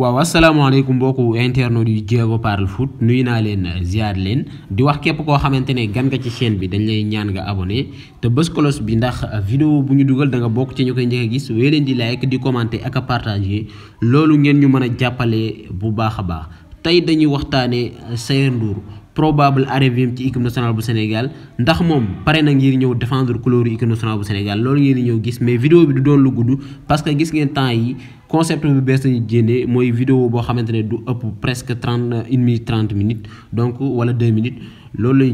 waaw asalaamaaleykum mbokku internautes yu Diego parle foot nuyu naa leen ziar leen di wax képp koo xamante ne gan nga ci chaîne bi dañ lay ñaan nga abonné te bës cloche bi ndax vidéo bu ñu dugal da nga bokk ci ñu koy njëkk a gis wéy leen di like di commenter ak a partager loolu ngeen ñu mën a jàppale bu baax a baax tey dañuy waxtaanee Cher Ndour probable arrivée ci équipe nationale bu Sénégal ndax moom pare na ngir ñëw défendre couleur équipe nationale bu Sénégal loolu ngeen di gis mais vidéo bi du doon lu gudd parce que gis ngeen yi. concept de bees de génnee mooy vidéo boo du presque trente une minute minutes donc wala deux minutes loolu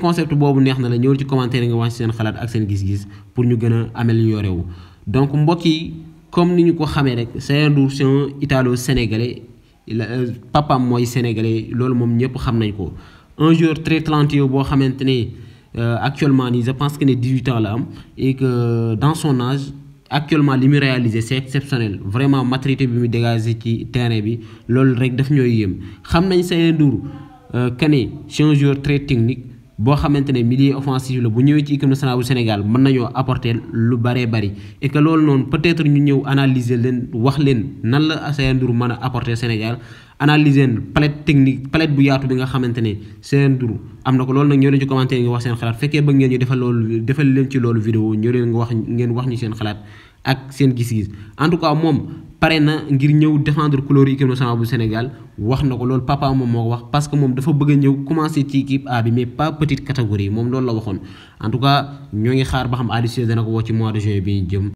concept boobu neex na la ñëwal ci commentaire nga wax seen xalaat ak gis-gis pour ñu a améliorer wu. donc comme ni ko c'est un italo-sénégalais euh, papam mooy sénégalais loolu moom ñëpp xam ko un jour très talentueux euh, actuellement je pense que ne 18 ans la et que euh, dans son âge actuellement li mu réalisé c'est exceptionnel vraiment maturité bi mu dégagé ci terrain bi loolu rek daf ñooy yëm xam nañ Sané Ndour Kane c'est un joueur très technique boo xamante ne milieu offensif la bu ñëwee ci équipe nationale Sénégal mën nañoo apporter lu baree bari et que loolu noonu peut-être ñu ñëw analyser leen wax leen nan la Sénégal analyser palette technique palette bu yaatu bi nga xamante ne Assane les am na ko loolu nag les leen ci wax seen xalaat ngeen ñu defal defal leen ci vidéo ñëw leen nga wax ngeen wax ñu seen xalaat ak seen gis en tout cas pare na ngir ñëw défendre couleur équipe nationale bu Sénégal wax na ko loolu papa moom moo ko wax parce que moom dafa bëgg ñëw commencer ci équipe A bi mais pas petite catégorie moom loolu la waxoon en tout cas ñoo ngi xaar ba xam Aliou Cissé dana woo ci mois de juin bi jëm.